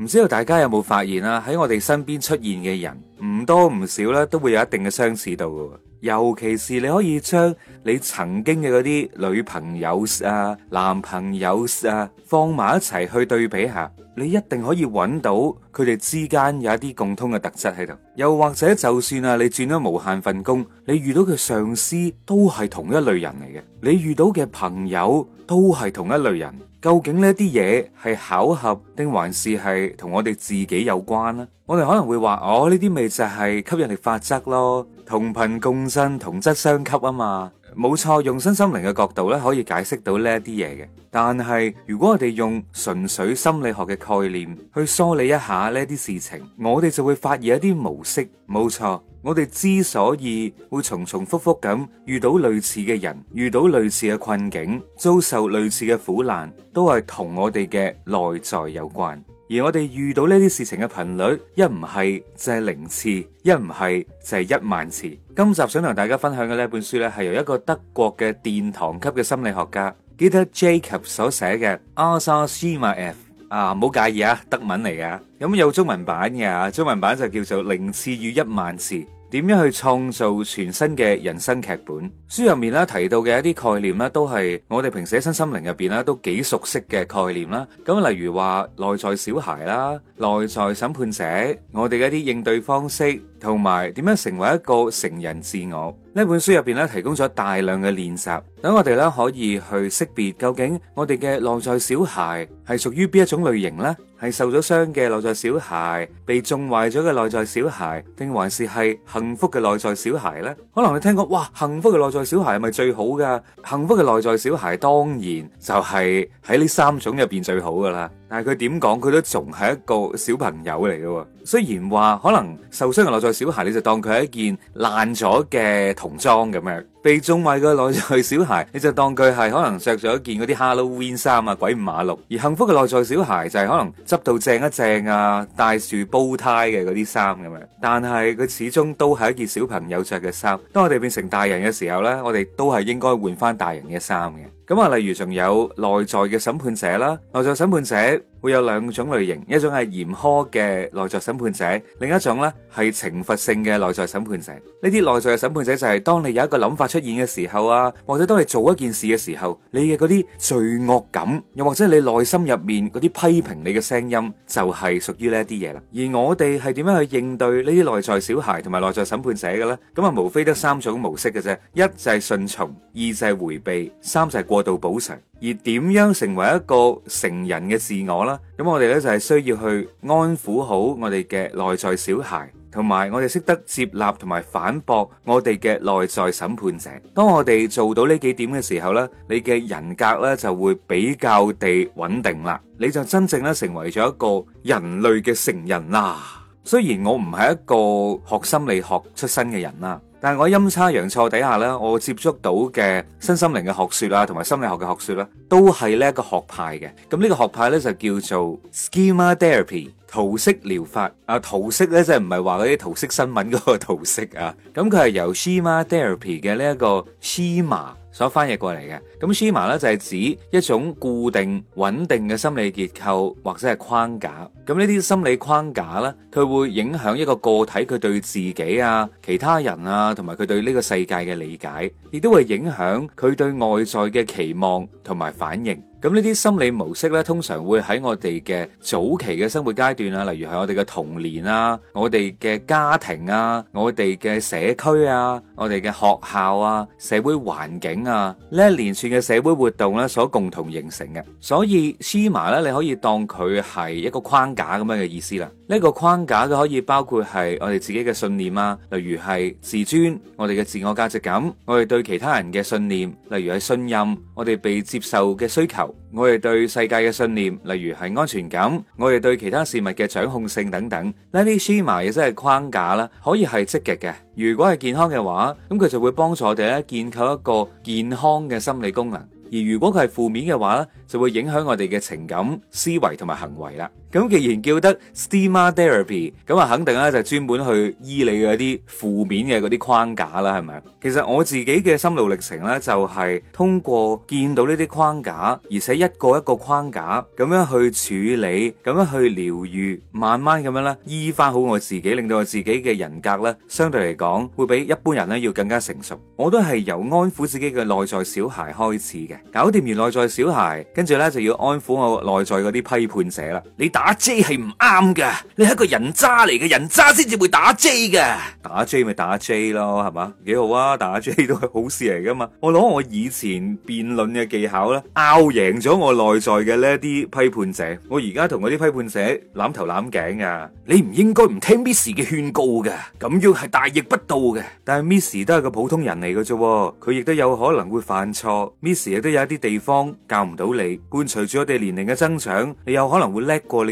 唔知道大家有冇發現啊？喺我哋身邊出現嘅人，唔多唔少咧，都會有一定嘅相似度。尤其是你可以將你曾經嘅嗰啲女朋友啊、男朋友啊放埋一齊去對比下，你一定可以揾到佢哋之間有一啲共通嘅特質喺度。又或者，就算啊，你轉咗無限份工，你遇到嘅上司都係同一類人嚟嘅，你遇到嘅朋友都係同一類人。究竟呢啲嘢係巧合定還是係同我哋自己有關呢？我哋可能會話，哦，呢啲咪就係吸引力法則咯，同頻共振，同質相吸啊嘛，冇錯。用身心靈嘅角度咧，可以解釋到呢一啲嘢嘅。但係如果我哋用純粹心理學嘅概念去梳理一下呢啲事情，我哋就會發現一啲模式，冇錯。我哋之所以會重重複複咁遇到類似嘅人，遇到類似嘅困境，遭受類似嘅苦難，都係同我哋嘅內在有關。而我哋遇到呢啲事情嘅頻率，一唔係就係、是、零次，一唔係就係、是、一萬次。今集想同大家分享嘅呢本書呢，係由一個德國嘅殿堂級嘅心理學家 Gitta Jacob 所寫嘅《阿沙斯馬 F》。啊，唔好介意啊，德文嚟噶，咁有，有，有中文版嘅，中文版就叫做零次與一萬次。點樣去創造全新嘅人生劇本？書入面啦，提到嘅一啲概念啦，都係我哋平時喺新心靈入邊啦都幾熟悉嘅概念啦。咁例如話內在小孩啦、內在審判者，我哋嘅一啲應對方式同埋點樣成為一個成人自我呢？本書入邊咧提供咗大量嘅練習，等我哋咧可以去識別究竟我哋嘅內在小孩係屬於邊一種類型咧。係受咗傷嘅內在小孩，被縱壞咗嘅內在小孩，定還是係幸福嘅內在小孩呢？可能你聽過，哇，幸福嘅內在小孩係咪最好噶？幸福嘅內在小孩當然就係喺呢三種入邊最好噶啦。但係佢點講，佢都仲係一個小朋友嚟噶。雖然話可能受傷嘅內在小孩，你就當佢係一件爛咗嘅童裝咁樣；被縱壞嘅內在小孩，你就當佢係可能着咗件嗰啲 Halloween 衫啊，鬼五馬六；而幸福嘅內在小孩就係可能執到正一正啊，戴住煲呔嘅嗰啲衫咁樣。但係佢始終都係一件小朋友着嘅衫。當我哋變成大人嘅時候呢，我哋都係應該換翻大人嘅衫嘅。咁啊，例如仲有內在嘅審判者啦，內在審判者會有兩種類型，一種係嚴苛嘅內在審判者，另一種咧係懲罰性嘅內在審判者。呢啲內在嘅審判者就係當你有一個諗法出現嘅時候啊，或者當你做一件事嘅時候，你嘅嗰啲罪惡感，又或者你內心入面嗰啲批評你嘅聲音，就係屬於呢一啲嘢啦。而我哋係點樣去應對呢啲內在小孩同埋內在審判者嘅呢？咁啊，無非得三種模式嘅啫，一就係順從，二就係回避，三就係過。度補償，而點樣成為一個成人嘅自我啦？咁我哋呢，就係需要去安撫好我哋嘅內在小孩，同埋我哋識得接納同埋反駁我哋嘅內在審判者。當我哋做到呢幾點嘅時候呢，你嘅人格呢就會比較地穩定啦。你就真正咧成爲咗一個人類嘅成人啦。雖然我唔係一個學心理學出身嘅人啦。但係我喺陰差陽錯底下呢，我接觸到嘅新心靈嘅學説啊，同埋心理學嘅學説咧，都係呢一個學派嘅。咁呢個學派呢，就叫做 Schema Therapy 圖式療法啊。圖式呢，即係唔係話嗰啲圖式新聞嗰個圖式啊？咁佢係由 Schema Therapy 嘅呢一個 Schema 所翻譯過嚟嘅，咁 schema 咧就係指一種固定穩定嘅心理結構或者係框架。咁呢啲心理框架咧，佢會影響一個個體佢對自己啊、其他人啊，同埋佢對呢個世界嘅理解，亦都會影響佢對外在嘅期望同埋反應。咁呢啲心理模式咧，通常會喺我哋嘅早期嘅生活階段啊，例如係我哋嘅童年啊，我哋嘅家庭啊，我哋嘅社區啊，我哋嘅學校啊，社會環境啊，呢一連串嘅社會活動咧，所共同形成嘅。所以 schema 咧，你可以當佢係一個框架咁樣嘅意思啦。呢、這個框架都可以包括係我哋自己嘅信念啊，例如係自尊，我哋嘅自我價值感，我哋對其他人嘅信念，例如係信任，我哋被接受嘅需求。我哋對世界嘅信念，例如係安全感，我哋對其他事物嘅掌控性等等，呢啲 schema 亦即係框架啦，可以係積極嘅。如果係健康嘅話，咁佢就會幫助我哋咧建構一個健康嘅心理功能。而如果佢係負面嘅話，咧就會影響我哋嘅情感、思維同埋行為啦。咁既然叫得 schema therapy，咁啊肯定咧就專門去醫你嗰啲負面嘅嗰啲框架啦，係咪？其實我自己嘅心路歷程咧，就係通過見到呢啲框架，而且一個一個框架咁樣去處理，咁樣去療癒，慢慢咁樣咧醫翻好我自己，令到我自己嘅人格咧相對嚟講會比一般人咧要更加成熟。我都係由安撫自己嘅內在小孩開始嘅，搞掂完內在小孩，跟住咧就要安撫我內在嗰啲批判者啦。你打 J 係唔啱噶，你係一個人渣嚟嘅，人渣先至會打 J 嘅。打 J 咪打 J 咯，係嘛？幾好啊！打 J 都係好事嚟噶嘛。我攞我以前辯論嘅技巧咧，拗贏咗我內在嘅呢一啲批判者。我而家同嗰啲批判者攬頭攬頸啊。你唔應該唔聽 Miss 嘅勸告嘅，咁樣係大逆不道嘅。但係 Miss 都係個普通人嚟噶啫，佢亦都有可能會犯錯。Miss 亦都有一啲地方教唔到你。伴隨住我哋年齡嘅增長，你有可能會叻過你。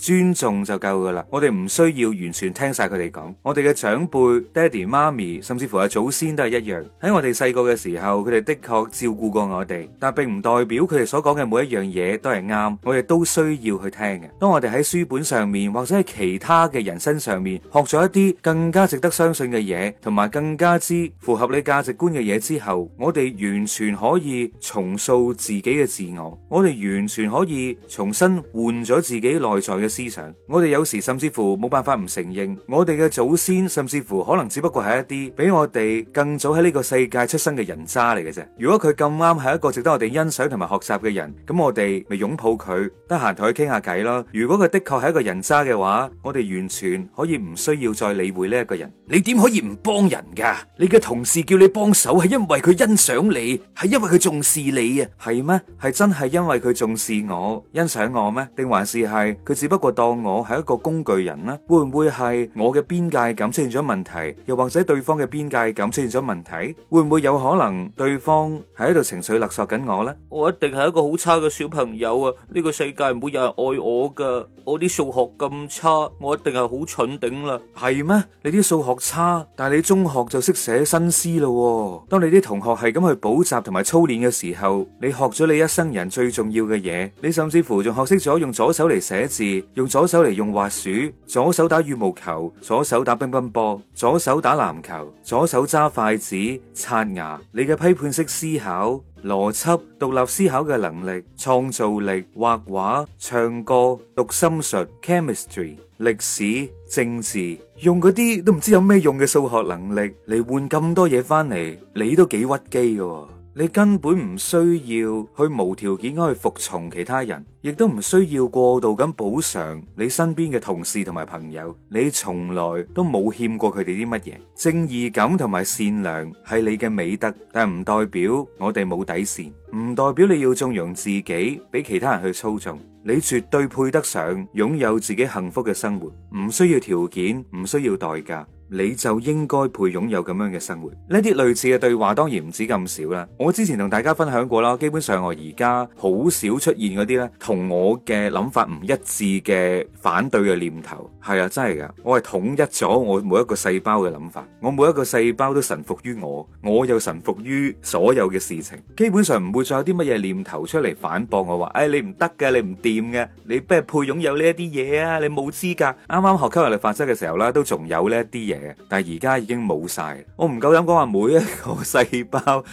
尊重就夠噶啦，我哋唔需要完全聽晒佢哋講。我哋嘅長輩、爹哋、媽咪，甚至乎係祖先都係一樣。喺我哋細個嘅時候，佢哋的確照顧過我哋，但係並唔代表佢哋所講嘅每一樣嘢都係啱。我哋都需要去聽嘅。當我哋喺書本上面，或者係其他嘅人身上面學咗一啲更加值得相信嘅嘢，同埋更加之符合你價值觀嘅嘢之後，我哋完全可以重塑自己嘅自我，我哋完全可以重新換咗自己內在嘅。思想，我哋有時甚至乎冇辦法唔承認，我哋嘅祖先甚至乎可能只不過係一啲比我哋更早喺呢個世界出生嘅人渣嚟嘅啫。如果佢咁啱係一個值得我哋欣賞同埋學習嘅人，咁我哋咪擁抱佢，得閒同佢傾下偈咯。如果佢的確係一個人渣嘅話，我哋完全可以唔需要再理會呢一個人。你點可以唔幫人噶？你嘅同事叫你幫手，係因為佢欣賞你，係因為佢重視你啊？係咩？係真係因為佢重視我、欣賞我咩？定還是係佢只不過？個當我係一個工具人咧，會唔會係我嘅邊界感出現咗問題？又或者對方嘅邊界感出現咗問題？會唔會有可能對方喺度情緒勒索緊我呢？我一定係一個好差嘅小朋友啊！呢個世界唔會有人愛我噶，我啲數學咁差，我一定係好蠢頂啦。係咩？你啲數學差，但係你中學就識寫新詩啦。當你啲同學係咁去補習同埋操練嘅時候，你學咗你一生人最重要嘅嘢，你甚至乎仲學識咗用左手嚟寫字。用左手嚟用滑鼠，左手打羽毛球，左手打乒乓波，左手打籃球，左手揸筷子刷牙。你嘅批判式思考、邏輯、獨立思考嘅能力、創造力、畫畫、唱歌、讀心術、chemistry、歷史、政治，用嗰啲都唔知有咩用嘅數學能力嚟換咁多嘢翻嚟，你都幾屈機㗎喎。你根本唔需要去無條件咁去服從其他人，亦都唔需要過度咁補償你身邊嘅同事同埋朋友。你從來都冇欠過佢哋啲乜嘢。正義感同埋善良係你嘅美德，但唔代表我哋冇底線，唔代表你要縱容自己俾其他人去操縱。你絕對配得上擁有自己幸福嘅生活，唔需要條件，唔需要代價。你就應該配擁有咁樣嘅生活。呢啲類似嘅對話當然唔止咁少啦。我之前同大家分享過啦，基本上我而家好少出現嗰啲咧，同我嘅諗法唔一致嘅反對嘅念頭。係啊，真係㗎，我係統一咗我每一個細胞嘅諗法，我每一個細胞都臣服於我，我又臣服於所有嘅事情。基本上唔會再有啲乜嘢念頭出嚟反駁我話，誒你唔得嘅，你唔掂嘅，你不配擁有呢一啲嘢啊，你冇資格。啱啱學吸引力法則嘅時候啦，都仲有呢一啲嘢。但係而家已經冇晒，我唔夠膽講話每一個細胞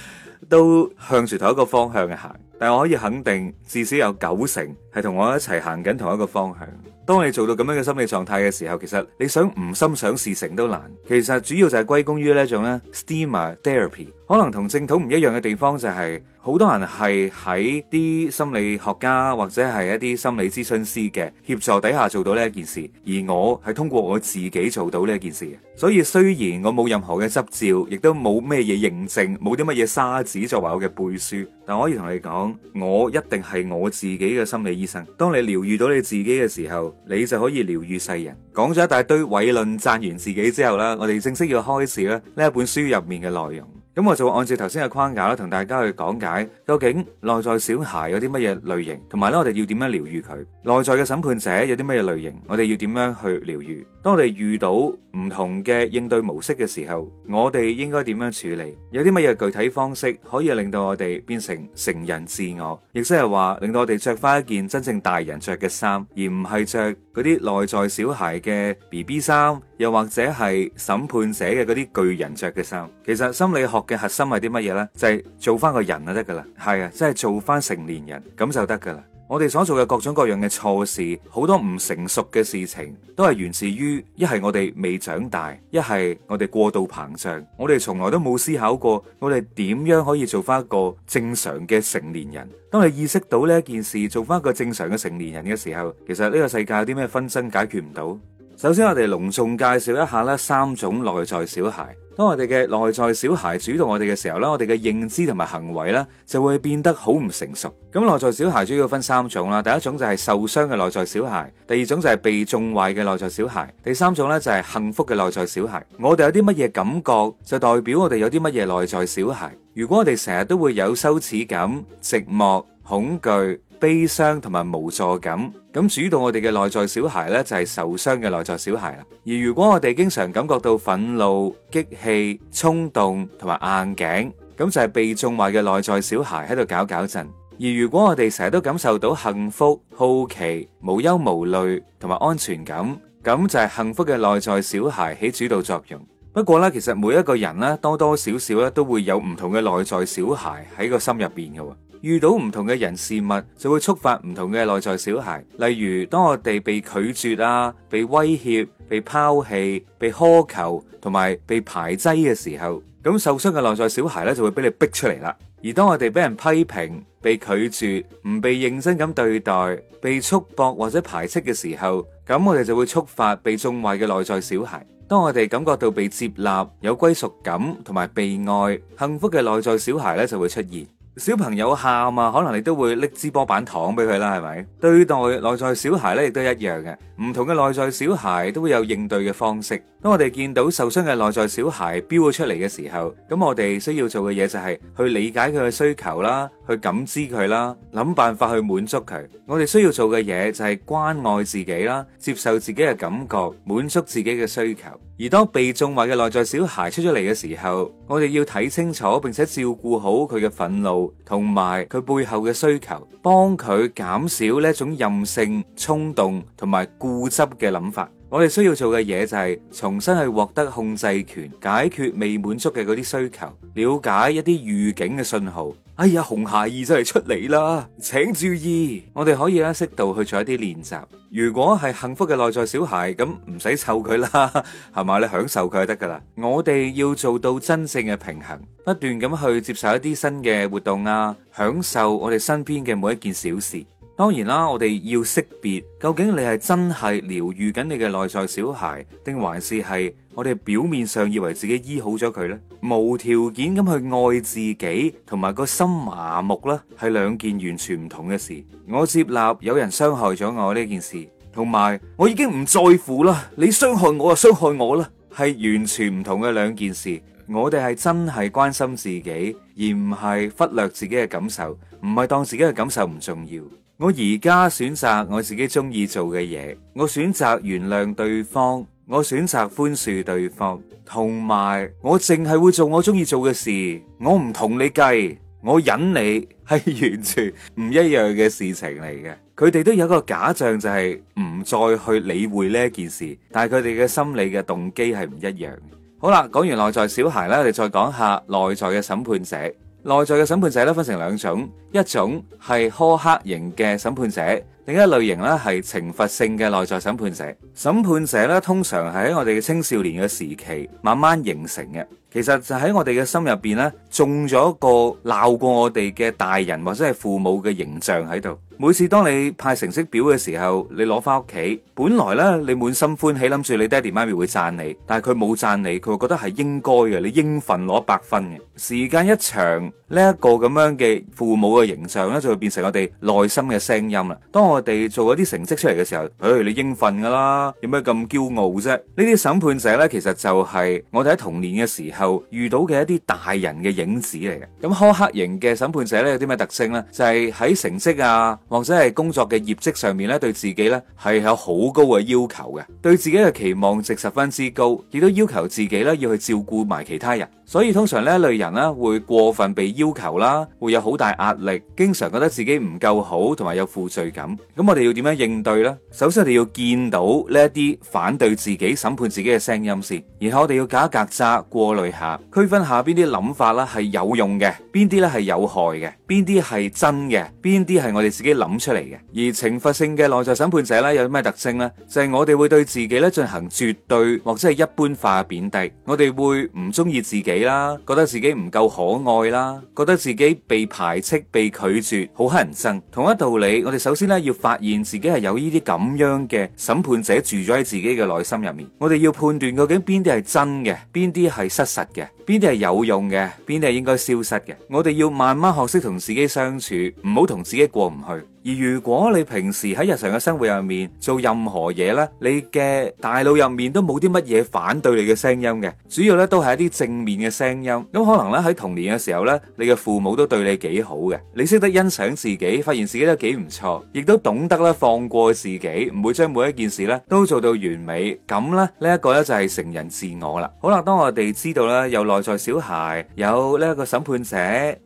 都向住同一個方向行，但我可以肯定，至少有九成係同我一齊行緊同一個方向。當你做到咁樣嘅心理狀態嘅時候，其實你想唔心想事成都難。其實主要就係歸功於呢種咧，Schema Therapy。可能同正統唔一樣嘅地方就係好多人係喺啲心理學家或者係一啲心理諮詢師嘅協助底下做到呢一件事，而我係通過我自己做到呢一件事。所以雖然我冇任何嘅執照，亦都冇咩嘢認證，冇啲乜嘢沙子作為我嘅背書，但我可以同你講，我一定係我自己嘅心理醫生。當你療愈到你自己嘅時候，你就可以療愈世人。講咗一大堆偉論，讚完自己之後啦，我哋正式要開始啦呢一本書入面嘅內容。咁我就按照頭先嘅框架啦，同大家去講解究竟內在小孩有啲乜嘢類型，同埋咧我哋要點樣療愈佢。內在嘅審判者有啲乜嘢類型，我哋要點樣去療愈？當我哋遇到唔同嘅應對模式嘅時候，我哋應該點樣處理？有啲乜嘢具體方式可以令到我哋變成成人自我？亦即係話令到我哋着翻一件真正大人着嘅衫，而唔係着嗰啲內在小孩嘅 BB 衫，又或者係審判者嘅嗰啲巨人着嘅衫。其實心理學嘅核心係啲乜嘢呢？就係做翻個人就得噶啦，係啊，即係做翻成年人咁就得噶啦。我哋所做嘅各種各樣嘅錯事，好多唔成熟嘅事情，都係源自於一係我哋未長大，一係我哋過度膨脹。我哋從來都冇思考過，我哋點樣可以做翻一個正常嘅成年人。當你意識到呢件事，做翻一個正常嘅成年人嘅時候，其實呢個世界有啲咩紛爭解決唔到。首先，我哋隆重介紹一下呢三種內在小孩。當我哋嘅內在小孩主導我哋嘅時候啦，我哋嘅認知同埋行為啦，就會變得好唔成熟。咁內在小孩主要分三種啦，第一種就係受傷嘅內在小孩，第二種就係被縱壞嘅內在小孩，第三種咧就係幸福嘅內在小孩。我哋有啲乜嘢感覺，就代表我哋有啲乜嘢內在小孩。如果我哋成日都會有羞恥感、寂寞、恐懼。悲傷同埋無助感，咁主導我哋嘅內在小孩呢，就係受傷嘅內在小孩啦。而如果我哋經常感覺到憤怒、激氣、衝動同埋硬頸，咁就係被縱壞嘅內在小孩喺度搞搞震。而如果我哋成日都感受到幸福、好奇、無憂無慮同埋安全感，咁就係幸福嘅內在小孩起主導作用。不過咧，其實每一個人呢，多多少少咧都會有唔同嘅內在小孩喺個心入邊嘅。遇到唔同嘅人事物，就會觸發唔同嘅內在小孩。例如，當我哋被拒絕啊、被威脅、被拋棄、被苛求，同埋被排擠嘅時候，咁受傷嘅內在小孩咧就會俾你逼出嚟啦。而當我哋俾人批評、被拒絕、唔被認真咁對待、被束縛或者排斥嘅時候，咁我哋就會觸發被縱壞嘅內在小孩。當我哋感覺到被接納、有歸屬感同埋被愛，幸福嘅內在小孩咧就會出現。小朋友喊啊，可能你都會拎支波板糖俾佢啦，係咪？對待內在小孩咧，亦都一樣嘅。唔同嘅內在小孩都會有應對嘅方式。當我哋見到受傷嘅內在小孩飆咗出嚟嘅時候，咁我哋需要做嘅嘢就係去理解佢嘅需求啦，去感知佢啦，諗辦法去滿足佢。我哋需要做嘅嘢就係關愛自己啦，接受自己嘅感覺，滿足自己嘅需求。而當被縱壞嘅內在小孩出咗嚟嘅時候，我哋要睇清楚，並且照顧好佢嘅憤怒，同埋佢背後嘅需求，幫佢減少呢種任性、衝動同埋固執嘅諗法。我哋需要做嘅嘢就係重新去獲得控制權，解決未滿足嘅嗰啲需求，了解一啲預警嘅信號。哎呀，紅孩兒真係出嚟啦，請注意！我哋可以咧適度去做一啲練習。如果係幸福嘅內在小孩，咁唔使湊佢啦，係 嘛？你享受佢就得噶啦。我哋要做到真正嘅平衡，不斷咁去接受一啲新嘅活動啊，享受我哋身邊嘅每一件小事。當然啦，我哋要識別究竟你係真係療癒緊你嘅內在小孩，定還是係我哋表面上以為自己醫好咗佢呢？無條件咁去愛自己，同埋個心麻木啦，係兩件完全唔同嘅事。我接納有人傷害咗我呢件事，同埋我已經唔在乎啦。你傷害我就傷害我啦，係完全唔同嘅兩件事。我哋係真係關心自己，而唔係忽略自己嘅感受，唔係當自己嘅感受唔重要。我而家選擇我自己中意做嘅嘢，我選擇原諒對方，我選擇寬恕對方，同埋我淨係會做我中意做嘅事，我唔同你計，我忍你係完全唔一樣嘅事情嚟嘅。佢哋都有一個假象，就係唔再去理會呢一件事，但係佢哋嘅心理嘅動機係唔一樣。好啦，講完內在小孩啦，我哋再講下內在嘅審判者。內在嘅審判者咧，分成兩種，一種係苛刻型嘅審判者，另一類型咧，係懲罰性嘅內在審判者。審判者咧，通常係喺我哋嘅青少年嘅時期慢慢形成嘅。其實就喺我哋嘅心入邊呢種咗一個鬧過我哋嘅大人或者係父母嘅形象喺度。每次當你派成績表嘅時候，你攞翻屋企，本來呢，你滿心歡喜諗住你爹哋媽咪會讚你，但係佢冇讚你，佢就覺得係應該嘅，你應份攞百分嘅。時間一長，呢、這、一個咁樣嘅父母嘅形象呢，就會變成我哋內心嘅聲音啦。當我哋做咗啲成績出嚟嘅時候，誒、哎，你應份噶啦，有咩咁驕傲啫？呢啲審判者呢，其實就係我哋喺童年嘅時候。後遇到嘅一啲大人嘅影子嚟嘅。咁苛刻型嘅審判者咧，有啲咩特性咧？就係喺成績啊，或者係工作嘅業績上面咧，對自己咧係有好高嘅要求嘅，對自己嘅期望值十分之高，亦都要求自己咧要去照顧埋其他人，所以通常呢一類人咧會過分被要求啦，會有好大壓力，經常覺得自己唔夠好，同埋有，有負罪感。咁我哋要點樣應對咧？首先我哋要見到呢一啲反對自己審判自己嘅聲音先，然後我哋要架格隔渣過濾。下區分下邊啲諗法啦，係有用嘅，邊啲咧係有害嘅，邊啲係真嘅，邊啲係我哋自己諗出嚟嘅。而懲罰性嘅內在審判者咧，有啲咩特徵呢？就係、是、我哋會對自己咧進行絕對或者係一般化嘅貶低，我哋會唔中意自己啦，覺得自己唔夠可愛啦，覺得自己被排斥、被拒絕，好乞人憎。同一道理，我哋首先咧要發現自己係有呢啲咁樣嘅審判者住咗喺自己嘅內心入面，我哋要判斷究竟邊啲係真嘅，邊啲係失。實嘅。邊啲係有用嘅，邊啲係應該消失嘅。我哋要慢慢學識同自己相處，唔好同自己過唔去。而如果你平時喺日常嘅生活入面做任何嘢呢，你嘅大腦入面都冇啲乜嘢反對你嘅聲音嘅，主要呢都係一啲正面嘅聲音。咁可能咧，喺童年嘅時候呢，你嘅父母都對你幾好嘅，你識得欣賞自己，發現自己都幾唔錯，亦都懂得咧放過自己，唔會將每一件事呢都做到完美。咁呢，呢一個呢就係成人自我啦。好啦，當我哋知道咧有內在小孩有呢一個審判者，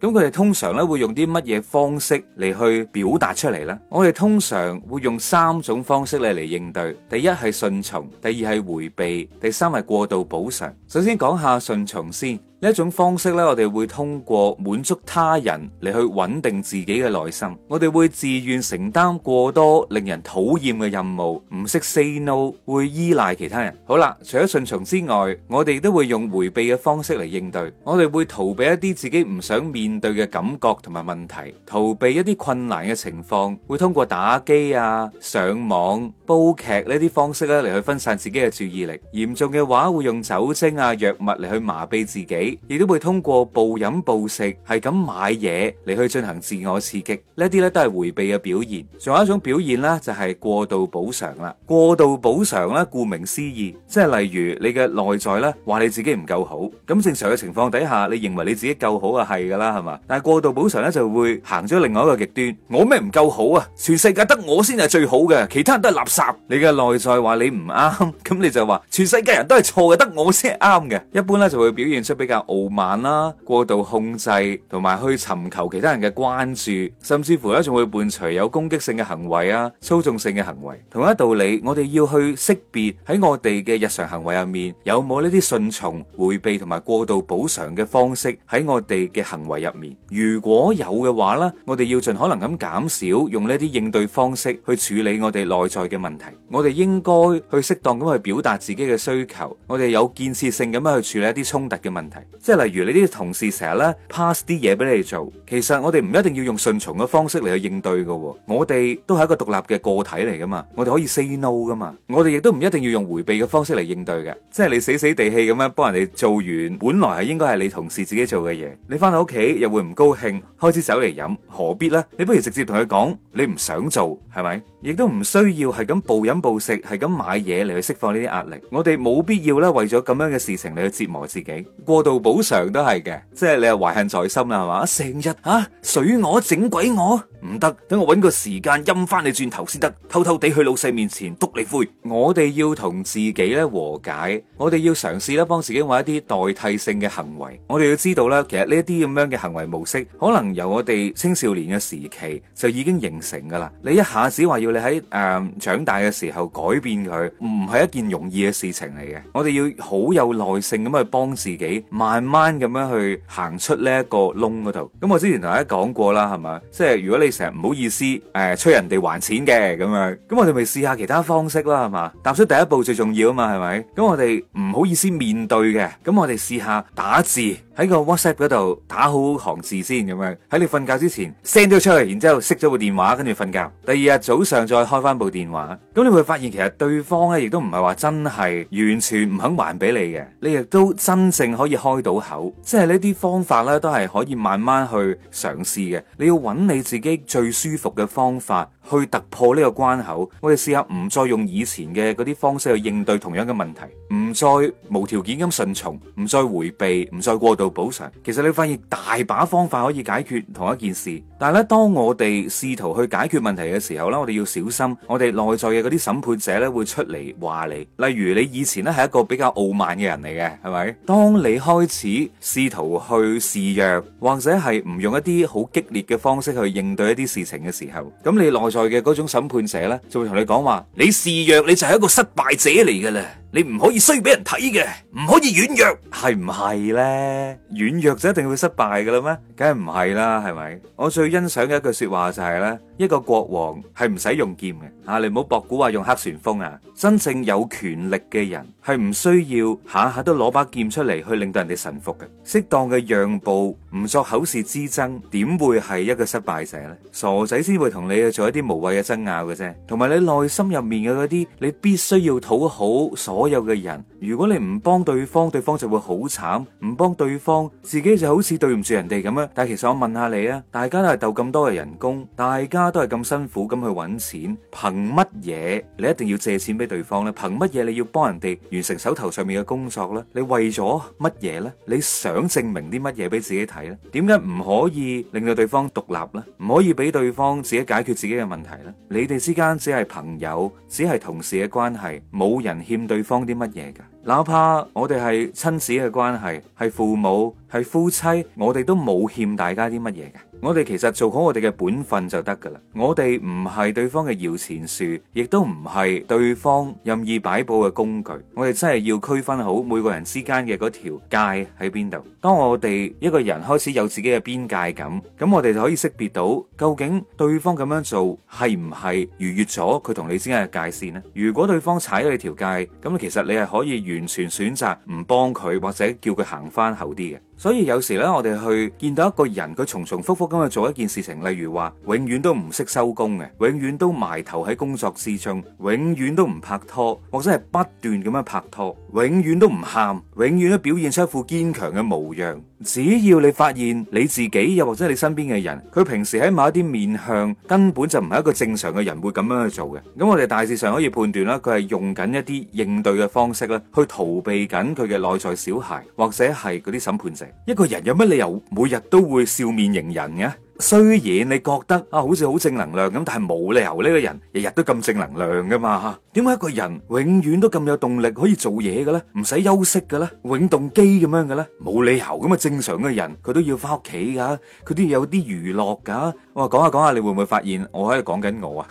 咁佢哋通常咧會用啲乜嘢方式嚟去表達出嚟呢？我哋通常會用三種方式嚟嚟應對。第一係順從，第二係回避，第三係過度補償。首先講下順從先。呢一種方式咧，我哋會通過滿足他人嚟去穩定自己嘅內心。我哋會自願承擔過多令人討厭嘅任務，唔識 say no，會依賴其他人。好啦，除咗順從之外，我哋亦都會用迴避嘅方式嚟應對。我哋會逃避一啲自己唔想面對嘅感覺同埋問題，逃避一啲困難嘅情況。會通過打機啊、上網煲劇呢啲方式咧嚟去分散自己嘅注意力。嚴重嘅話，會用酒精啊、藥物嚟去麻痹自己。亦都會通過暴飲暴食，係咁買嘢嚟去進行自我刺激，呢一啲呢都係回避嘅表現。仲有一種表現呢，就係過度補償啦。過度補償呢，顧名思義，即係例如你嘅內在呢，話你自己唔夠好。咁正常嘅情況底下，你認為你自己夠好啊，係噶啦，係嘛？但係過度補償呢，就會行咗另外一個極端。我咩唔夠好啊？全世界得我先係最好嘅，其他人都係垃圾。你嘅內在話你唔啱，咁你就話全世界人都係錯嘅，得我先係啱嘅。一般呢就會表現出比較。傲慢啦，過度控制同埋去尋求其他人嘅關注，甚至乎咧仲會伴隨有攻擊性嘅行為啊，操縱性嘅行為。同一道理，我哋要去識別喺我哋嘅日常行為入面有冇呢啲順從、回避同埋過度補償嘅方式喺我哋嘅行為入面。如果有嘅話咧，我哋要盡可能咁減少用呢啲應對方式去處理我哋內在嘅問題。我哋應該去適當咁去表達自己嘅需求，我哋有建設性咁樣去處理一啲衝突嘅問題。即係例如你啲同事成日咧 pass 啲嘢俾你做，其實我哋唔一定要用順從嘅方式嚟去應對嘅哦。我哋都係一個獨立嘅個體嚟噶嘛，我哋可以 say no 噶嘛。我哋亦都唔一定要用回避嘅方式嚟應對嘅。即係你死死地氣咁樣幫人哋做完，本來係應該係你同事自己做嘅嘢，你翻到屋企又會唔高興，開支酒嚟飲，何必呢？你不如直接同佢講你唔想做，係咪？亦都唔需要係咁暴飲暴食，係咁買嘢嚟去釋放呢啲壓力。我哋冇必要咧為咗咁樣嘅事情嚟去折磨自己，過度。補償都係嘅，即係你又懷恨在心啦，係嘛？成日啊，水我整鬼我，唔得，等我揾個時間陰翻你轉頭先得，偷偷地去老細面前篤你灰。我哋要同自己咧和解，我哋要嘗試咧幫自己揾一啲代替性嘅行為。我哋要知道咧，其實呢一啲咁樣嘅行為模式，可能由我哋青少年嘅時期就已經形成噶啦。你一下子話要你喺誒、呃、長大嘅時候改變佢，唔係一件容易嘅事情嚟嘅。我哋要好有耐性咁去幫自己。慢慢咁樣去行出呢一個窿嗰度。咁我之前同大家講過啦，係嘛，即係如果你成日唔好意思誒、呃、催人哋還錢嘅咁樣，咁我哋咪試下其他方式啦，係嘛，踏出第一步最重要啊嘛，係咪？咁我哋唔好意思面對嘅，咁我哋試下打字。喺個 WhatsApp 度打好行字先咁樣，喺你瞓覺之前 send 咗出去，然之後熄咗部電話，跟住瞓覺。第二日早上再開翻部電話，咁你會發現其實對方咧亦都唔係話真係完全唔肯還俾你嘅，你亦都真正可以開到口。即係呢啲方法咧都係可以慢慢去嘗試嘅。你要揾你自己最舒服嘅方法去突破呢個關口。我哋試下唔再用以前嘅嗰啲方式去應對同樣嘅問題，唔再無條件咁順從，唔再回避，唔再過做補償，其實你發現大把方法可以解決同一件事，但係咧，當我哋試圖去解決問題嘅時候咧，我哋要小心，我哋內在嘅嗰啲審判者咧會出嚟話你。例如你以前咧係一個比較傲慢嘅人嚟嘅，係咪？當你開始試圖去示弱，或者係唔用一啲好激烈嘅方式去應對一啲事情嘅時候，咁你內在嘅嗰種審判者咧就會同你講話：「你示弱你就係一個失敗者嚟㗎啦，你唔可以衰俾人睇嘅，唔可以軟弱」，係唔係呢？軟弱就一定會失敗嘅啦咩？梗係唔係啦，係咪？我最欣賞嘅一句說話就係、是、咧。一個國王係唔使用劍嘅啊，你唔好博古話用黑旋風啊！真正有權力嘅人係唔需要下下都攞把劍出嚟去令到人哋臣服嘅。適當嘅讓步，唔作口舌之爭，點會係一個失敗者呢？傻仔先會同你去做一啲無謂嘅爭拗嘅啫。同埋你內心入面嘅嗰啲，你必須要討好所有嘅人。如果你唔幫對方，對方就會好慘；唔幫對方，自己就好似對唔住人哋咁樣。但係其實我問下你啊，大家都係鬥咁多嘅人工，大家。都係咁辛苦咁去揾錢，憑乜嘢你一定要借錢俾對方呢？憑乜嘢你要幫人哋完成手頭上面嘅工作呢？你為咗乜嘢呢？你想證明啲乜嘢俾自己睇呢？點解唔可以令到對方獨立呢？唔可以俾對方自己解決自己嘅問題呢？你哋之間只係朋友，只係同事嘅關係，冇人欠對方啲乜嘢噶。哪怕我哋係親子嘅關係，係父母，係夫妻，我哋都冇欠大家啲乜嘢嘅。我哋其實做好我哋嘅本分就得噶啦。我哋唔係對方嘅搖錢樹，亦都唔係對方任意擺佈嘅工具。我哋真係要區分好每個人之間嘅嗰條界喺邊度。當我哋一個人開始有自己嘅邊界感，咁我哋就可以識別到究竟對方咁樣做係唔係逾越咗佢同你之間嘅界線呢？如果對方踩咗你條界，咁其實你係可以完全選擇唔幫佢，或者叫佢行翻後啲嘅。所以有時咧，我哋去見到一個人，佢重重複複咁去做一件事情，例如話永遠都唔識收工嘅，永遠都都埋頭喺工作之中，永遠都唔拍拖，或者係不斷咁樣拍拖，永遠都唔喊，永遠都表現出一副堅強嘅模樣。只要你發現你自己，又或者你身邊嘅人，佢平時喺某一啲面向根本就唔係一個正常嘅人會咁樣去做嘅，咁我哋大致上可以判斷啦，佢係用緊一啲應對嘅方式咧，去逃避緊佢嘅內在小孩，或者係嗰啲審判者。一個人有乜理由每日都會笑面迎人嘅？雖然你覺得啊，好似好正能量咁，但係冇理由呢個人日日都咁正能量噶嘛？點解一個人永遠都咁有動力可以做嘢嘅咧？唔使休息嘅咧，永動機咁樣嘅咧？冇理由咁啊！正常嘅人佢都要翻屋企噶，佢都要有啲娛樂噶。我，講下講下，你會唔會發現我喺度講緊我啊？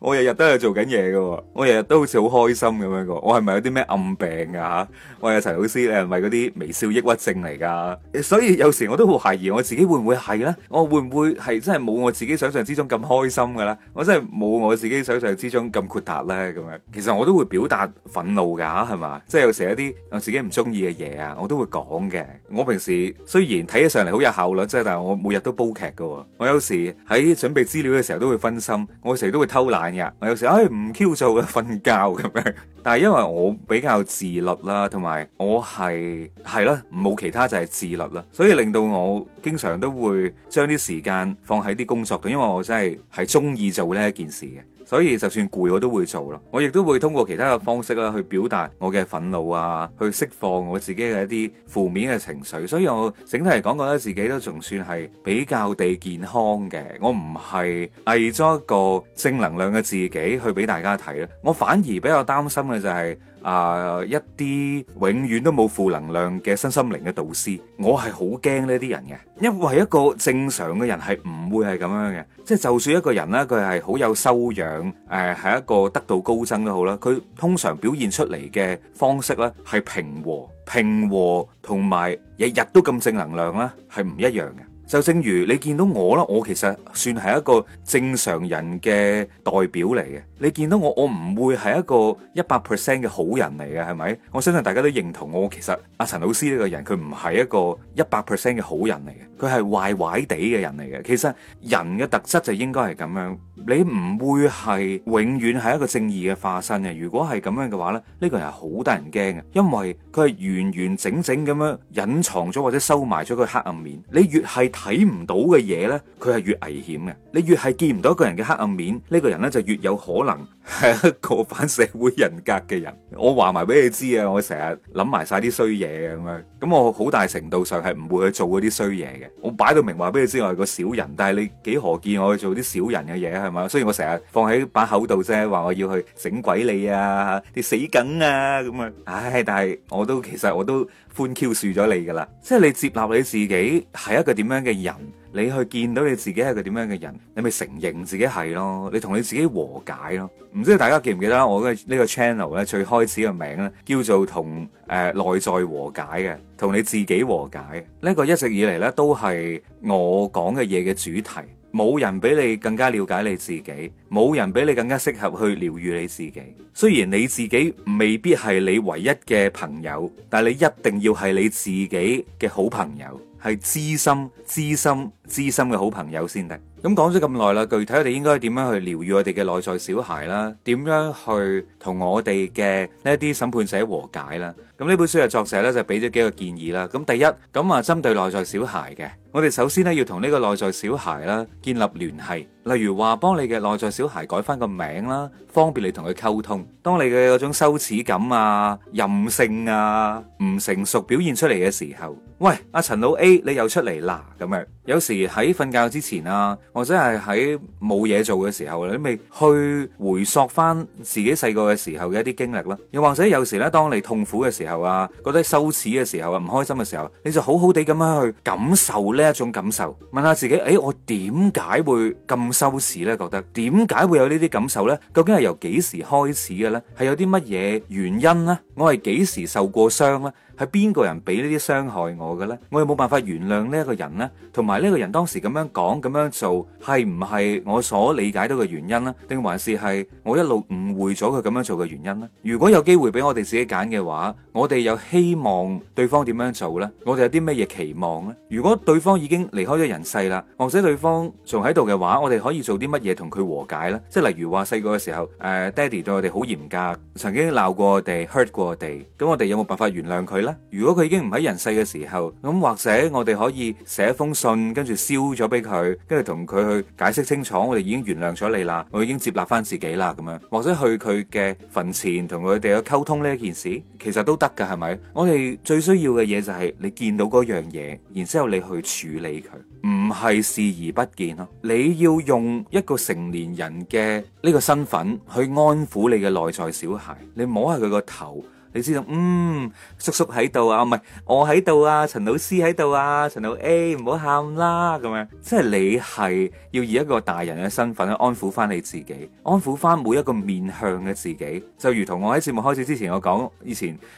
我日日都係做緊嘢噶我日日都好似好開心咁樣噶，我係咪有啲咩暗病噶吓？我阿陳老師，你係咪嗰啲微笑抑鬱症嚟噶？所以有時我都好懷疑我自己會唔會係呢？我會唔會係真係冇我自己想象之中咁開心噶呢？我真係冇我自己想象之中咁豁達呢。咁樣，其實我都會表達憤怒噶，係嘛？即係有時一啲我自己唔中意嘅嘢啊，我都會講嘅。我平時雖然睇起上嚟好有效率，即係，但係我每日都煲劇噶。我有時喺準備資料嘅時候都會分心，我成日都會偷懶。我有時可以唔 Q 做嘅，瞓覺咁樣，但係因為我比較自律啦，同埋我係係咯，冇其他就係自律啦，所以令到我經常都會將啲時間放喺啲工作度，因為我真係係中意做呢一件事嘅。所以就算攰我都會做咯，我亦都會通過其他嘅方式啦，去表達我嘅憤怒啊，去釋放我自己嘅一啲負面嘅情緒。所以我整體嚟講，覺得自己都仲算係比較地健康嘅。我唔係偽裝一個正能量嘅自己去俾大家睇啦。我反而比較擔心嘅就係。啊、呃！一啲永遠都冇負能量嘅身心靈嘅導師，我係好驚呢啲人嘅，因為一個正常嘅人係唔會係咁樣嘅，即、就、係、是、就算一個人呢，佢係好有修養，誒、呃，係一個得道高僧都好啦，佢通常表現出嚟嘅方式呢，係平和、平和同埋日日都咁正能量啦，係唔一樣嘅。就正如你見到我啦，我其實算係一個正常人嘅代表嚟嘅。你見到我，我唔會係一個一百 percent 嘅好人嚟嘅，係咪？我相信大家都認同我，其實阿陳老師呢個人佢唔係一個一百 percent 嘅好人嚟嘅，佢係壞壞地嘅人嚟嘅。其實人嘅特質就應該係咁樣。你唔會係永遠係一個正義嘅化身嘅。如果係咁樣嘅話咧，呢個人係好得人驚嘅，因為佢係完完整整咁樣隱藏咗或者收埋咗佢黑暗面。你越係睇唔到嘅嘢呢，佢係越危險嘅。你越係見唔到一個人嘅黑暗面，呢個人呢就越有可能係一個反社會人格嘅人。我話埋俾你知啊，我成日諗埋晒啲衰嘢嘅咁樣，咁我好大程度上係唔會去做嗰啲衰嘢嘅。我擺到明話俾你知，我係個小人，但係你幾何見我去做啲小人嘅嘢？係嘛？雖然我成日放喺把口度啫，話我要去整鬼你啊，你死梗啊咁啊！唉，但係我都其實我都寬 Q 恕咗你噶啦，即係你接納你自己係一個點樣嘅人，你去見到你自己係個點樣嘅人，你咪承認自己係咯，你同你自己和解咯。唔知大家記唔記得我嘅呢個 channel 咧最開始嘅名咧叫做同誒內在和解嘅，同你自己和解呢個一直以嚟咧都係我講嘅嘢嘅主題。冇人比你更加了解你自己，冇人比你更加適合去療癒你自己。雖然你自己未必係你唯一嘅朋友，但你一定要係你自己嘅好朋友，係知心知心。知心嘅好朋友先得。咁講咗咁耐啦，具體我哋應該點樣去療愈我哋嘅內在小孩啦？點樣去同我哋嘅呢一啲審判者和解啦？咁呢本書嘅作者呢就俾咗幾個建議啦。咁第一，咁啊針對內在小孩嘅，我哋首先呢要同呢個內在小孩啦建立聯繫。例如話，幫你嘅內在小孩改翻個名啦，方便你同佢溝通。當你嘅嗰種羞恥感啊、任性啊、唔成熟表現出嚟嘅時候，喂，阿陳老 A，你又出嚟啦咁樣。有時而喺瞓覺之前啊，或者係喺冇嘢做嘅時候，你咪去回溯翻自己細個嘅時候嘅一啲經歷啦。又或者有時咧，當你痛苦嘅時候啊，覺得羞恥嘅時候啊，唔開心嘅時候，你就好好地咁樣去感受呢一種感受，問下自己：誒、哎，我點解會咁羞恥呢？」覺得點解會有呢啲感受呢？究竟係由幾時開始嘅呢？係有啲乜嘢原因呢？我係幾時受過傷呢？」係邊個人俾呢啲傷害我嘅呢？我有冇辦法原諒呢一個人呢？同埋呢個人當時咁樣講、咁樣做，係唔係我所理解到嘅原因呢？定還是係我一路誤會咗佢咁樣做嘅原因呢？如果有機會俾我哋自己揀嘅話，我哋又希望對方點樣做呢？我哋有啲咩嘢期望呢？如果對方已經離開咗人世啦，或者對方仲喺度嘅話，我哋可以做啲乜嘢同佢和解呢？即係例如話細個嘅時候，誒、呃，爹哋對我哋好嚴格，曾經鬧過我哋、hurt 過我哋，咁我哋有冇辦法原諒佢呢？如果佢已經唔喺人世嘅時候，咁或者我哋可以寫一封信，跟住燒咗俾佢，跟住同佢去解釋清楚，我哋已經原諒咗你啦，我已經接納翻自己啦，咁樣或者去佢嘅墳前同佢哋去溝通呢一件事，其實都得噶，係咪？我哋最需要嘅嘢就係你見到嗰樣嘢，然之後你去處理佢，唔係視而不見咯。你要用一個成年人嘅呢個身份去安撫你嘅內在小孩，你摸下佢個頭。你知道嗯叔叔喺度啊，唔係我喺度啊，陳老師喺度啊，陳老 C 唔好喊啦咁樣，即係你係要以一個大人嘅身份咧安撫翻你自己，安撫翻每一個面向嘅自己，就如同我喺節目開始之前我講以前。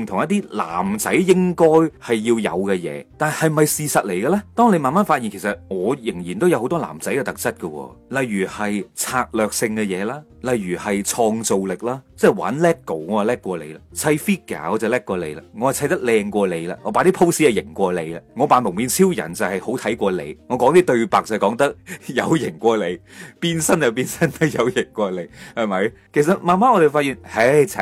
唔同一啲男仔應該係要有嘅嘢，但係係咪事實嚟嘅咧？當你慢慢發現，其實我仍然都有好多男仔嘅特質嘅，例如係策略性嘅嘢啦。例如係創造力啦，即係玩 lego，我話叻過你啦，砌 figure 我就叻過你啦，我話砌得靚過你啦，我擺啲 pose 又型過你啦，我扮蒙面超人就係好睇過你，我講啲對白就係講得有型過你，變身就變身得有型過你，係咪？其實慢慢我哋發現，唉，扯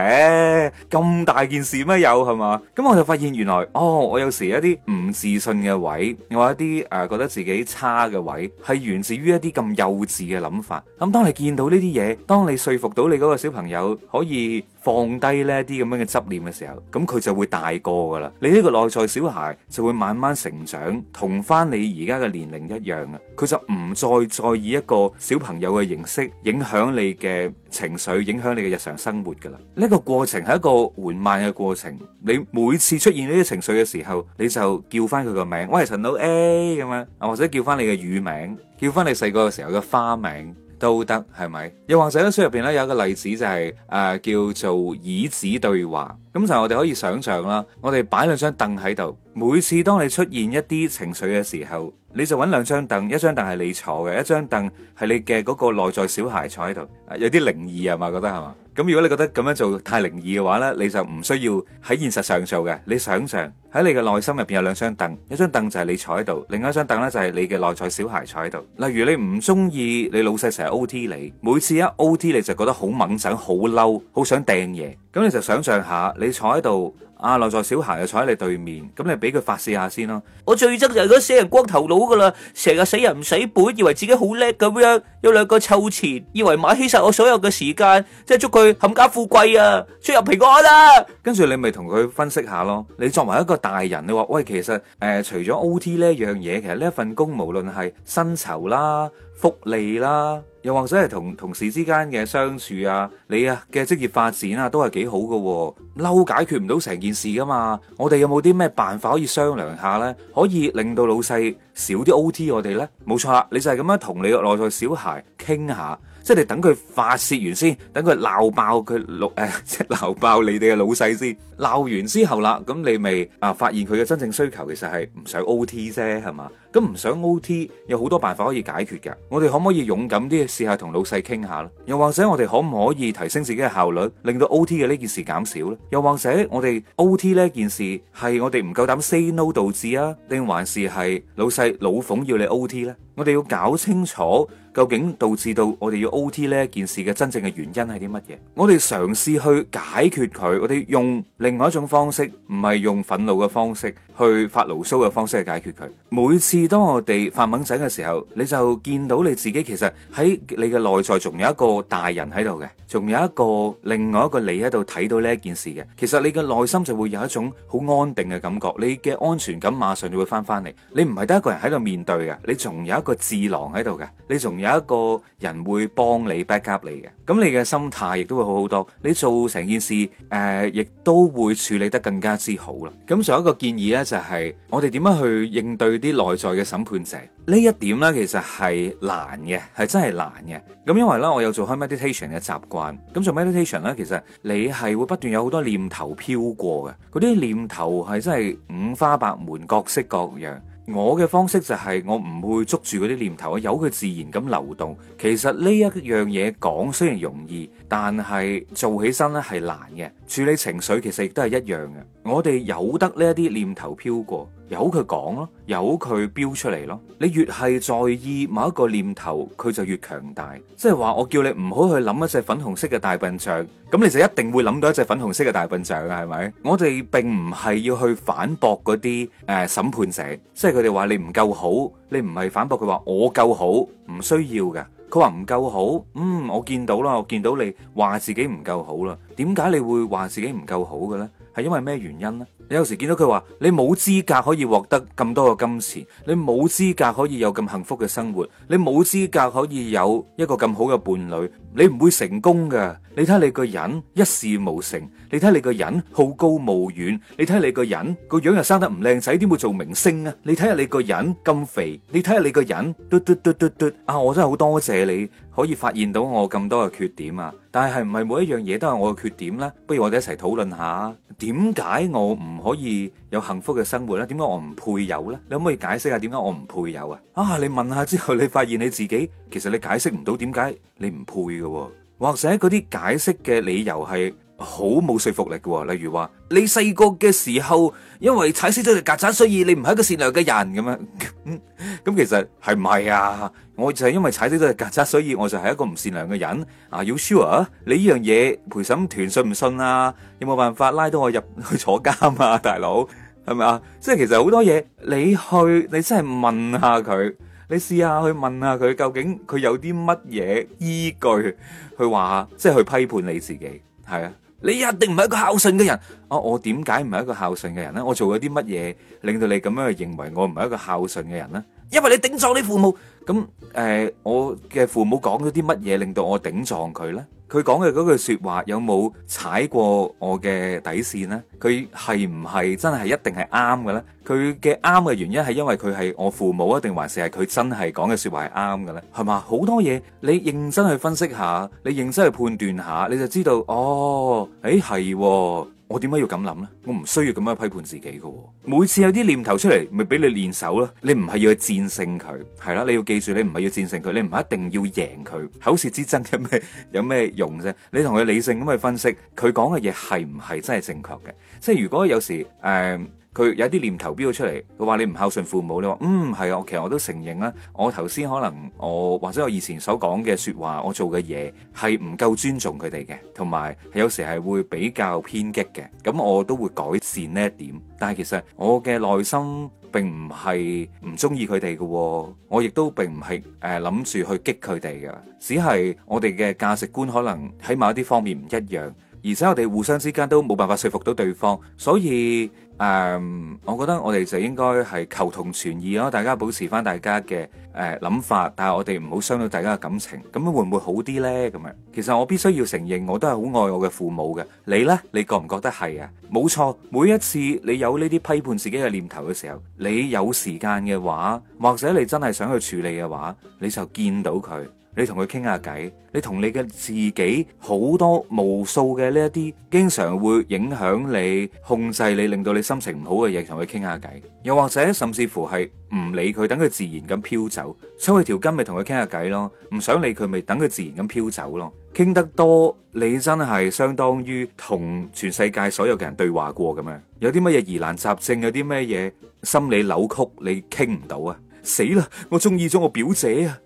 咁大件事咩有係嘛？咁我就發現原來，哦，我有時有一啲唔自信嘅位，我一啲誒、呃、覺得自己差嘅位，係源自於一啲咁幼稚嘅諗法。咁當你見到呢啲嘢，當你說服到你嗰個小朋友可以放低呢一啲咁樣嘅執念嘅時候，咁佢就會大個噶啦。你呢個內在小孩就會慢慢成長，同翻你而家嘅年齡一樣啊！佢就唔再在意一個小朋友嘅形式，影響你嘅情緒，影響你嘅日常生活噶啦。呢個過程係一個緩慢嘅過程。你每次出現呢啲情緒嘅時候，你就叫翻佢個名，喂，陳老 C 咁樣，或者叫翻你嘅乳名，叫翻你細個嘅時候嘅花名。都得係咪？又或者咧書入邊咧有一個例子就係誒叫做椅子對話。咁就我哋可以想象啦，我哋擺兩張凳喺度。每次當你出現一啲情緒嘅時候，你就搵兩張凳，一張凳係你坐嘅，一張凳係你嘅嗰個內在小孩坐喺度。有啲靈異啊嘛，覺得係嘛。咁如果你覺得咁樣做太靈異嘅話咧，你就唔需要喺現實上做嘅，你想象。喺你嘅內心入邊有兩張凳，一張凳就係你坐喺度，另外一張凳咧就係你嘅內在小孩坐喺度。例如你唔中意你老細成日 O.T. 你，每次一 O.T. 你就覺得好掹想，好嬲，好想掟嘢。咁你就想象下，你坐喺度，啊內在小孩又坐喺你對面，咁你俾佢發泄下先咯。我最憎就係嗰死人光頭佬噶啦，成日死人唔使本，以為自己好叻咁樣，有兩個臭錢，以為買起晒我所有嘅時間，即係祝佢冚家富貴啊，出入平安啦。跟住你咪同佢分析下咯。你作為一個。大人，你話喂，其實誒、呃，除咗 O T 呢一樣嘢，其實呢份工無論係薪酬啦、福利啦，又或者係同同事之間嘅相處啊，你啊嘅職業發展啊，都係幾好嘅，啊。嬲，解決唔到成件事噶嘛。我哋有冇啲咩辦法可以商量下呢？可以令到老細少啲 O T 我哋呢？冇錯喇，你就係咁樣同你內在小孩傾下。即係你等佢發泄完先，等佢鬧爆佢老誒，即係鬧爆你哋嘅老細先。鬧完之後啦，咁你咪啊發現佢嘅真正需求其實係唔想 OT 啫，係嘛？都唔想 OT，有好多辦法可以解決㗎。我哋可唔可以勇敢啲試下同老細傾下咧？又或者我哋可唔可以提升自己嘅效率，令到 OT 嘅呢件事減少咧？又或者我哋 OT 呢一件事係我哋唔夠膽 say no 導致啊，定還是係老細老奉要你 OT 咧？我哋要搞清楚究竟導致到我哋要 OT 呢一件事嘅真正嘅原因係啲乜嘢？我哋嘗試去解決佢，我哋用另外一種方式，唔係用憤怒嘅方式，去發牢騷嘅方式去解決佢。每次。當我哋發猛仔嘅時候，你就見到你自己其實喺你嘅內在仲有一個大人喺度嘅，仲有一個另外一個你喺度睇到呢一件事嘅。其實你嘅內心就會有一種好安定嘅感覺，你嘅安全感馬上就會返返嚟。你唔係得一個人喺度面對嘅，你仲有一個智囊喺度嘅，你仲有一個人會幫你 back up 你嘅。咁你嘅心態亦都會好好多，你做成件事誒，亦都會處理得更加之好啦。咁仲有一個建議呢，就係我哋點樣去應對啲內在嘅審判者呢一點呢，其實係難嘅，係真係難嘅。咁因為呢，我有做開 meditation 嘅習慣。咁做 meditation 呢，其實你係會不斷有好多念頭飄過嘅。嗰啲念頭係真係五花八門、各色各樣。我嘅方式就係我唔會捉住嗰啲念頭，我由佢自然咁流動。其實呢一樣嘢講雖然容易，但係做起身呢係難嘅。處理情緒其實亦都係一樣嘅。我哋由得呢一啲念頭飄過。由佢講咯，由佢標出嚟咯。你越係在意某一個念頭，佢就越強大。即係話我叫你唔好去諗一隻粉紅色嘅大笨象，咁你就一定會諗到一隻粉紅色嘅大笨象㗎，係咪？我哋並唔係要去反駁嗰啲誒審判者，即係佢哋話你唔夠好，你唔係反駁佢話我夠好，唔需要㗎。佢話唔夠好，嗯，我見到啦，我見到你話自己唔夠好啦。點解你會話自己唔夠好嘅咧？係因為咩原因呢？你有時見到佢話，你冇資格可以獲得咁多嘅金錢，你冇資格可以有咁幸福嘅生活，你冇資格可以有一個咁好嘅伴侶，你唔會成功㗎。你睇下你個人一事無成，你睇下你個人好高騖遠，你睇下你個人個樣又生得唔靚仔，點會做明星啊？你睇下你個人咁肥，你睇下你個人嘟嘟嘟嘟嘟嘟嘟，啊！我真係好多謝你。可以發現到我咁多嘅缺點啊，但係唔係每一樣嘢都係我嘅缺點呢？不如我哋一齊討論下，點解我唔可以有幸福嘅生活呢？點解我唔配有呢？你可唔可以解釋下點解我唔配有啊？啊，你問下之後，你發現你自己其實你解釋唔到點解你唔配嘅，或者嗰啲解釋嘅理由係。好冇說服力嘅，例如話你細個嘅時候，因為踩死咗隻曱甴，所以你唔係一個善良嘅人咁樣。咁其實係唔係啊？我就係因為踩死咗隻曱甴，所以我就係一個唔善良嘅人啊！You sure？你呢樣嘢陪審團信唔信啊？有冇辦法拉到我入去坐監啊，大佬，係咪啊？即係其實好多嘢，你去你真係問下佢，你試下去問下佢，究竟佢有啲乜嘢依據去話，即係去批判你自己係啊？你一定唔係一個孝順嘅人啊！我點解唔係一個孝順嘅人呢？我做咗啲乜嘢令到你咁樣去認為我唔係一個孝順嘅人呢？因為你頂撞你父母，咁誒，我嘅父母講咗啲乜嘢令到我頂撞佢呢？佢講嘅嗰句説話有冇踩過我嘅底線呢？佢係唔係真係一定係啱嘅呢？佢嘅啱嘅原因係因為佢係我父母啊，定還是係佢真係講嘅説話係啱嘅咧？係嘛？好多嘢你認真去分析下，你認真去判斷下，你就知道哦，誒，哎，係。我點解要咁諗呢？我唔需要咁樣批判自己噶喎。每次有啲念頭出嚟，咪俾你練手咯。你唔係要去戰勝佢，係啦。你要記住，你唔係要戰勝佢，你唔係一定要贏佢。口舌之爭有咩 有咩用啫？你同佢理性咁去分析，佢講嘅嘢係唔係真係正確嘅？即係如果有時誒。呃佢有啲念頭標出嚟，佢話你唔孝順父母，你話，嗯，係啊，其實我都承認啦。我頭先可能我或者我以前所講嘅說話，我做嘅嘢係唔夠尊重佢哋嘅，同埋有，有時係會比較偏激嘅，咁我都會改善呢一點。但係其實我嘅內心並唔係唔中意佢哋嘅，我亦都並唔係誒諗住去激佢哋嘅，只係我哋嘅價值觀可能喺某啲方面唔一樣。而且我哋互相之間都冇辦法說服到對方，所以誒，我覺得我哋就應該係求同存異咯，大家保持返大家嘅誒諗法，但係我哋唔好傷到大家嘅感情，咁樣會唔會好啲呢？咁樣其實我必須要承認，我都係好愛我嘅父母嘅。你呢，你覺唔覺得係啊？冇錯，每一次你有呢啲批判自己嘅念頭嘅時候，你有時間嘅話，或者你真係想去處理嘅話，你就見到佢。你同佢傾下偈，你同你嘅自己好多無數嘅呢一啲，經常會影響你、控制你，令到你心情唔好嘅嘢，同佢傾下偈，又或者甚至乎係唔理佢，等佢自然咁飄走。抽佢條筋，咪同佢傾下偈咯。唔想理佢，咪等佢自然咁飄走咯。傾得多，你真係相當於同全世界所有嘅人對話過咁樣。有啲乜嘢疑難雜症，有啲咩嘢心理扭曲，你傾唔到啊？死啦！我中意咗我表姐啊！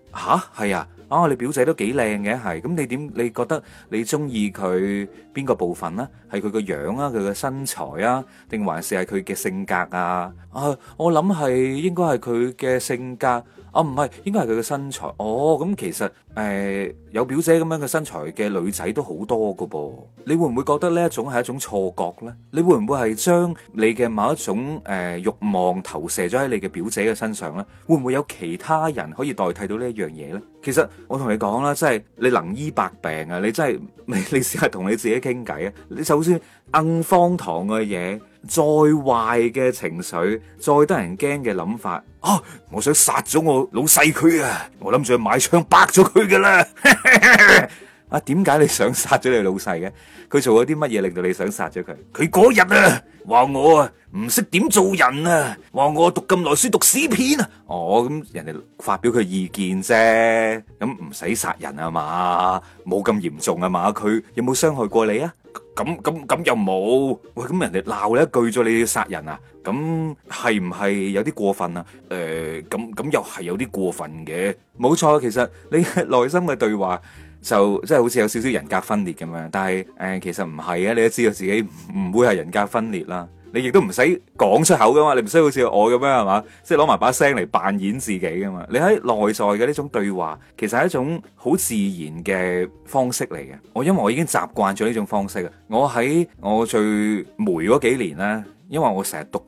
吓，係啊！啊！你表姐都幾靚嘅，係咁你點？你覺得你鍾意佢邊個部分呢？係佢個樣啊，佢個身材啊，定還是係佢嘅性格啊？啊！我諗係應該係佢嘅性格。啊，唔係，應該係佢嘅身材。哦，咁、嗯、其實誒、呃、有表姐咁樣嘅身材嘅女仔都好多嘅噃。你會唔會覺得呢一種係一種錯覺呢？你會唔會係將你嘅某一種誒慾、呃、望投射咗喺你嘅表姐嘅身上呢？會唔會有其他人可以代替到呢一樣嘢呢？其實我同你講啦，即係你能醫百病啊！你真係你你試下同你自己傾偈啊！你首先硬方糖嘅嘢。再壞嘅情緒，再得人驚嘅諗法，啊！我想殺咗我老細佢啊！我諗住去買槍，白咗佢噶啦！啊，點解你想殺咗你老細嘅？佢做咗啲乜嘢令到你想殺咗佢？佢嗰日啊，話我啊唔識點做人啊，話我讀咁耐書讀屎片啊！我咁、哦嗯、人哋發表佢意見啫，咁唔使殺人啊嘛，冇咁嚴重啊嘛，佢有冇傷害過你啊？咁咁咁又冇喂，咁人哋鬧你一句咗，你要殺人啊？咁係唔係有啲過分啊誒、呃，咁咁又係有啲過分嘅，冇錯。其實你內心嘅對話就即係好似有少少人格分裂咁樣，但係誒、呃，其實唔係啊，你都知道自己唔會係人格分裂啦。你亦都唔使講出口噶嘛，你唔需要好似我咁樣，係嘛，即係攞埋把聲嚟扮演自己噶嘛。你喺內在嘅呢種對話，其實係一種好自然嘅方式嚟嘅。我因為我已經習慣咗呢種方式啊，我喺我最黴嗰幾年咧。因為我成日獨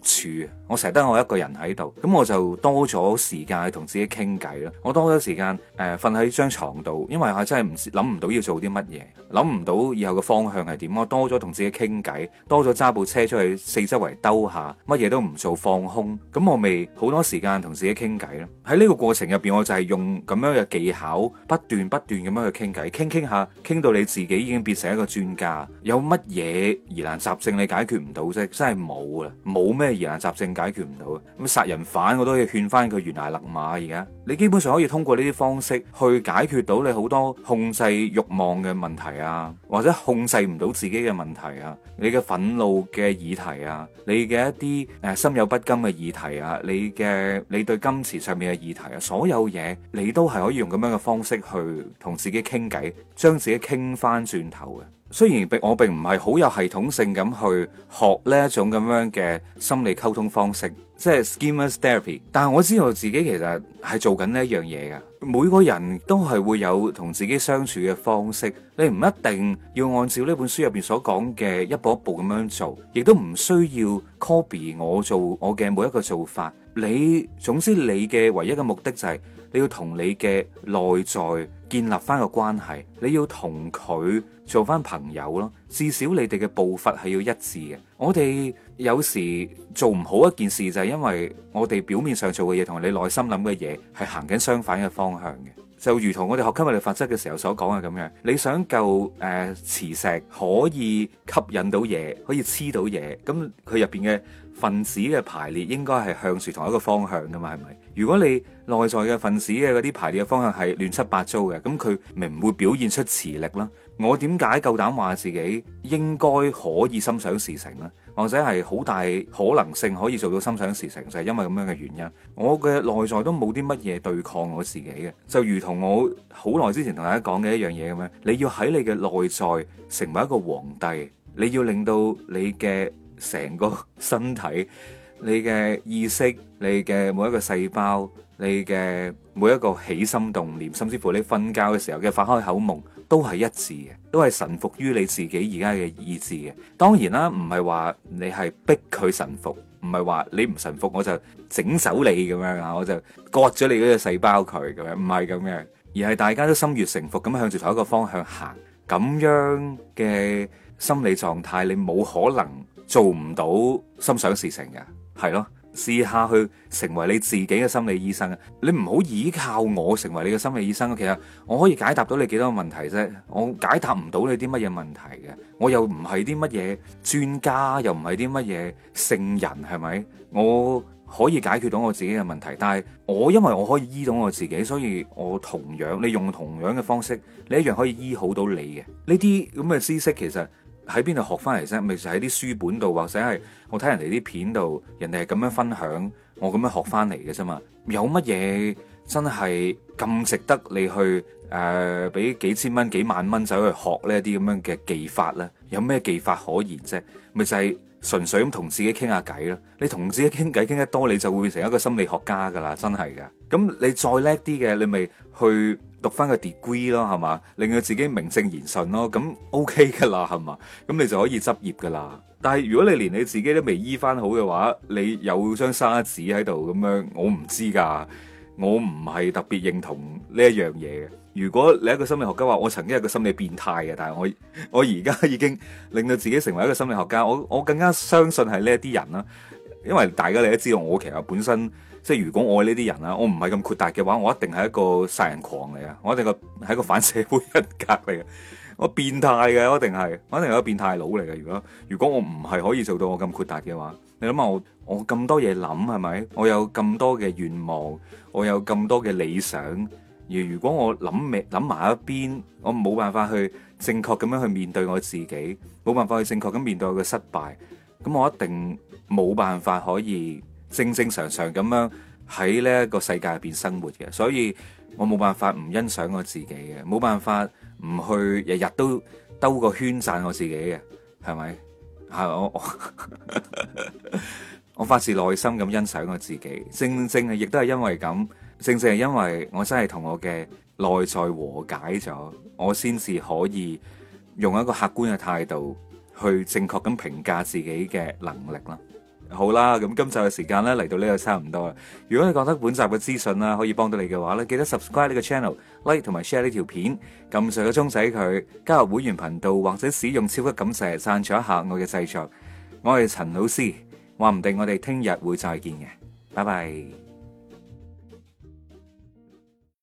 處，我成日得我一個人喺度，咁我就多咗時間去同自己傾偈啦。我多咗時間誒，瞓喺張床度，因為我真係唔諗唔到要做啲乜嘢，諗唔到以後嘅方向係點。我多咗同自己傾偈，多咗揸部車出去四周圍兜下，乜嘢都唔做放空，咁我咪好多時間同自己傾偈咯。喺呢個過程入邊，我就係用咁樣嘅技巧，不斷不斷咁樣去傾偈，傾傾下，傾到你自己已經變成一個專家。有乜嘢疑難雜症你解決唔到啫？真係冇。冇咩疑難雜症解決唔到嘅，咁殺人犯我都可以勸翻佢懸崖勒馬啊。而家你基本上可以通過呢啲方式去解決到你好多控制欲望嘅問題啊，或者控制唔到自己嘅問題啊，你嘅憤怒嘅議題啊，你嘅一啲誒心有不甘嘅議題啊，你嘅你對金錢上面嘅議題啊，所有嘢你都係可以用咁樣嘅方式去同自己傾偈，將自己傾翻轉頭嘅。雖然並我並唔係好有系統性咁去學呢一種咁樣嘅心理溝通方式，即係 schema therapy，但係我知道我自己其實係做緊呢一樣嘢噶。每個人都係會有同自己相處嘅方式，你唔一定要按照呢本書入邊所講嘅一步一步咁樣做，亦都唔需要 copy 我做我嘅每一個做法。你總之你嘅唯一嘅目的就係你要同你嘅內在。建立翻個關係，你要同佢做翻朋友咯。至少你哋嘅步伐係要一致嘅。我哋有時做唔好一件事，就係、是、因為我哋表面上做嘅嘢同你內心諗嘅嘢係行緊相反嘅方向嘅。就如同我哋學吸引力法則嘅時候所講嘅咁樣，你想夠誒、呃、磁石可以吸引到嘢，可以黐到嘢，咁佢入邊嘅分子嘅排列應該係向住同一個方向噶嘛？係咪？如果你內在嘅分子嘅嗰啲排列嘅方向係亂七八糟嘅，咁佢咪唔會表現出磁力啦？我點解夠膽話自己應該可以心想事成呢？或者係好大可能性可以做到心想事成，就係因為咁樣嘅原因。我嘅內在都冇啲乜嘢對抗我自己嘅，就如同我好耐之前同大家講嘅一樣嘢咁樣。你要喺你嘅內在成為一個皇帝，你要令到你嘅成個身體。你嘅意識，你嘅每一個細胞，你嘅每一個起心動念，甚至乎你瞓覺嘅時候嘅發開口夢，都係一致嘅，都係臣服於你自己而家嘅意志嘅。當然啦，唔係話你係逼佢臣服，唔係話你唔臣服我就整走你咁樣吓，我就割咗你嗰個細胞佢咁樣，唔係咁樣，而係大家都心悅誠服咁向住同一個方向行，咁樣嘅心理狀態，你冇可能做唔到心想事成嘅。係咯，試下去成為你自己嘅心理醫生。你唔好依靠我成為你嘅心理醫生。其實我可以解答到你幾多個問題啫，我解答唔到你啲乜嘢問題嘅。我又唔係啲乜嘢專家，又唔係啲乜嘢聖人，係咪？我可以解決到我自己嘅問題，但係我因為我可以醫到我自己，所以我同樣，你用同樣嘅方式，你一樣可以醫好到你嘅呢啲咁嘅知識，其實。喺邊度學翻嚟啫？咪就喺啲書本度，或者係我睇人哋啲片度，人哋係咁樣分享，我咁樣學翻嚟嘅啫嘛。有乜嘢真係咁值得你去誒？俾、呃、幾千蚊、幾萬蚊走去學呢啲咁樣嘅技法咧？有咩技法可言啫？咪就係純粹咁同自己傾下偈咯。你同自己傾偈傾得多，你就會變成一個心理學家噶啦，真係噶。咁你再叻啲嘅，你咪去。讀翻個 degree 咯，係嘛，令到自己名正言順咯，咁 OK 噶啦，係嘛，咁你就可以執業噶啦。但係如果你連你自己都未醫翻好嘅話，你有張沙紙喺度咁樣，我唔知噶，我唔係特別認同呢一樣嘢嘅。如果你一個心理學家話，我曾經係個心理變態嘅，但係我我而家已經令到自己成為一個心理學家，我我更加相信係呢一啲人啦。因為大家你都知道，我其實本身即係如果我呢啲人啦，我唔係咁闊達嘅話，我一定係一個殺人狂嚟啊！我一定個係一個反社會人格嚟嘅，我變態嘅，我一定係，我一定係個變態佬嚟嘅。如果如果我唔係可以做到我咁闊達嘅話，你諗下我我咁多嘢諗係咪？我有咁多嘅願望，我有咁多嘅理想。而如果我諗未諗埋一邊，我冇辦法去正確咁樣去面對我自己，冇辦法去正確咁面對我嘅失敗。咁我一定冇辦法可以正正常常咁樣喺呢個世界入邊生活嘅，所以我冇辦法唔欣賞我自己嘅，冇辦法唔去日日都兜個圈讚我自己嘅，係咪？係我我我發自內心咁欣賞我自己，正正係亦都係因為咁，正正係因為我真係同我嘅內在和解咗，我先至可以用一個客觀嘅態度。去正確咁評價自己嘅能力啦。好啦，咁今集嘅時間咧嚟到呢度差唔多啦。如果你覺得本集嘅資訊啦可以幫到你嘅話咧，記得 subscribe 呢個 channel，like 同埋 share 呢條片，撳上個鐘仔佢，加入會員頻道或者使用超級感謝嚟贊助一下我嘅製作。我係陳老 C，話唔定我哋聽日會再見嘅，拜拜。